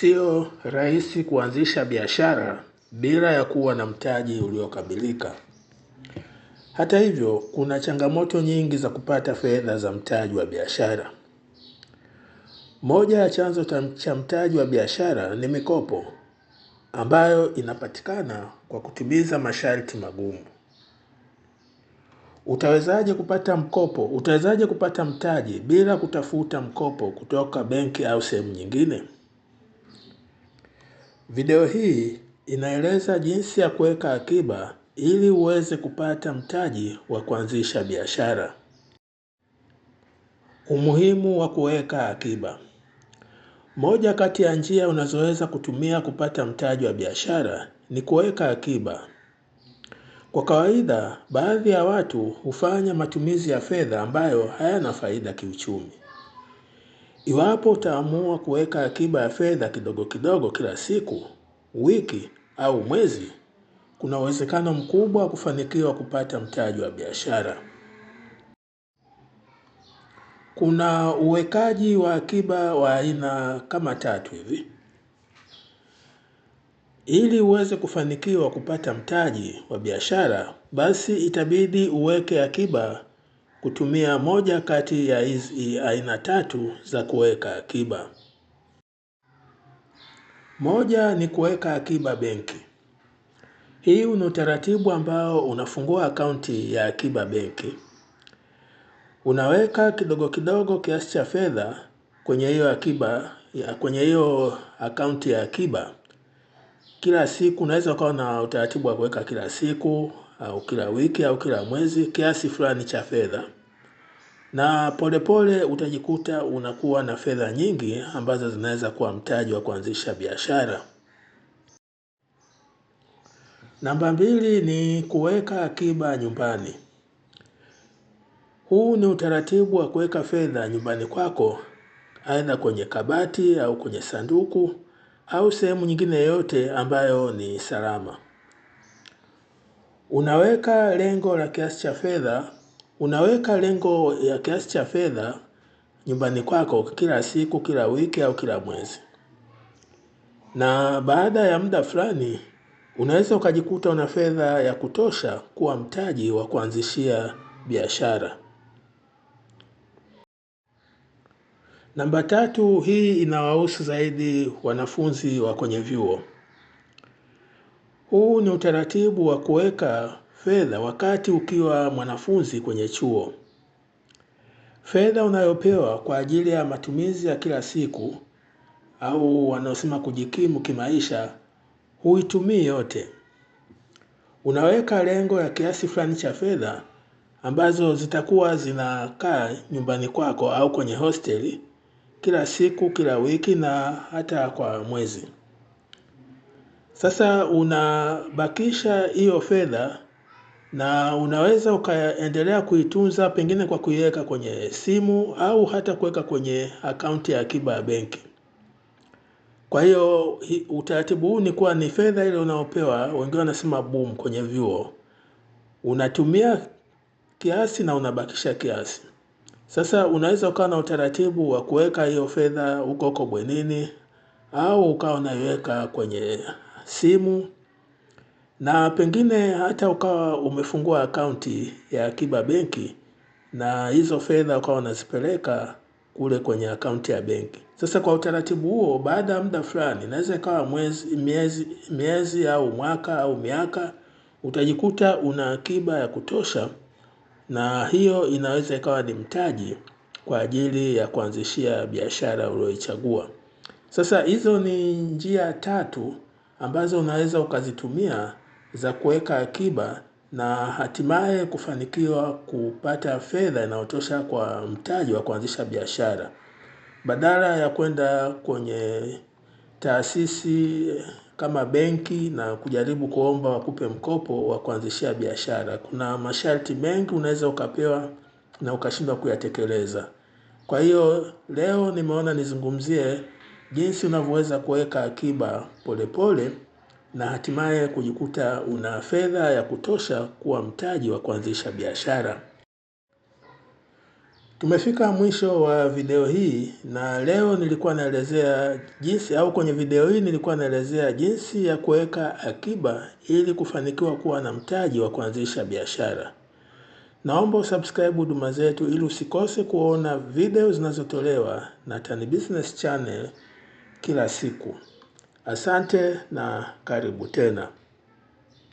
Sio rahisi kuanzisha biashara bila ya kuwa na mtaji uliokamilika. Hata hivyo, kuna changamoto nyingi za kupata fedha za mtaji wa biashara. Moja ya chanzo cha mtaji wa biashara ni mikopo ambayo inapatikana kwa kutimiza masharti magumu. Utawezaje kupata mkopo? Utawezaje kupata mtaji bila kutafuta mkopo kutoka benki au sehemu nyingine? Video hii inaeleza jinsi ya kuweka akiba ili uweze kupata mtaji wa kuanzisha biashara. Umuhimu wa kuweka akiba. Moja kati ya njia unazoweza kutumia kupata mtaji wa biashara ni kuweka akiba. Kwa kawaida, baadhi ya watu hufanya matumizi ya fedha ambayo hayana faida kiuchumi. Iwapo utaamua kuweka akiba ya fedha kidogo kidogo kila siku, wiki au mwezi, kuna uwezekano mkubwa wa kufanikiwa kupata mtaji wa biashara. Kuna uwekaji wa akiba wa aina kama tatu hivi. Ili uweze kufanikiwa kupata mtaji wa biashara, basi itabidi uweke akiba kutumia moja kati ya hizi aina tatu za kuweka akiba. Moja ni kuweka akiba benki. Hii ni utaratibu ambao unafungua akaunti ya akiba benki. Unaweka kidogo kidogo kiasi cha fedha kwenye hiyo akiba kwenye hiyo akaunti ya akiba. Kila siku unaweza ukawa na utaratibu wa kuweka kila siku au kila wiki au kila mwezi kiasi fulani cha fedha, na polepole pole utajikuta unakuwa na fedha nyingi ambazo zinaweza kuwa mtaji wa kuanzisha biashara. Namba mbili ni kuweka akiba nyumbani. Huu ni utaratibu wa kuweka fedha nyumbani kwako, aidha kwenye kabati au kwenye sanduku au sehemu nyingine yoyote ambayo ni salama. Unaweka lengo la kiasi cha fedha, unaweka lengo ya kiasi cha fedha nyumbani kwako kila siku, kila wiki au kila mwezi. Na baada ya muda fulani, unaweza ukajikuta una fedha ya kutosha kuwa mtaji wa kuanzishia biashara. Namba tatu, hii inawahusu zaidi wanafunzi wa kwenye vyuo. Huu ni utaratibu wa kuweka fedha wakati ukiwa mwanafunzi kwenye chuo. Fedha unayopewa kwa ajili ya matumizi ya kila siku au wanaosema kujikimu kimaisha, huitumii yote. Unaweka lengo ya kiasi fulani cha fedha ambazo zitakuwa zinakaa nyumbani kwako au kwenye hosteli kila siku, kila wiki na hata kwa mwezi. Sasa unabakisha hiyo fedha na unaweza ukaendelea kuitunza pengine kwa kuiweka kwenye simu au hata kuweka kwenye akaunti ya akiba ya benki. Kwa hiyo utaratibu huu ni kuwa ni fedha ile unaopewa, wengine wanasema boom kwenye vyuo. Unatumia kiasi na unabakisha kiasi. Sasa unaweza ukawa na utaratibu wa kuweka hiyo fedha huko huko bwenini au ukawa unaiweka kwenye simu na pengine hata ukawa umefungua akaunti ya akiba benki na hizo fedha ukawa unazipeleka kule kwenye akaunti ya benki. Sasa kwa utaratibu huo, baada ya muda fulani, inaweza ikawa mwezi, miezi, miezi au mwaka au miaka, utajikuta una akiba ya kutosha, na hiyo inaweza ikawa ni mtaji kwa ajili ya kuanzishia biashara uliyoichagua. Sasa hizo ni njia tatu ambazo unaweza ukazitumia za kuweka akiba na hatimaye kufanikiwa kupata fedha inayotosha kwa mtaji wa kuanzisha biashara. Badala ya kwenda kwenye taasisi eh, kama benki na kujaribu kuomba wakupe mkopo wa kuanzishia biashara. Kuna masharti mengi unaweza ukapewa na ukashindwa kuyatekeleza. Kwa hiyo leo nimeona nizungumzie jinsi unavyoweza kuweka akiba polepole na hatimaye kujikuta una fedha ya kutosha kuwa mtaji wa kuanzisha biashara. Tumefika mwisho wa video hii na leo nilikuwa naelezea jinsi au kwenye video hii nilikuwa naelezea jinsi ya kuweka akiba ili kufanikiwa kuwa na mtaji wa kuanzisha biashara. Naomba usubscribe huduma zetu ili usikose kuona video zinazotolewa na Tan Business Channel kila siku. Asante na karibu tena.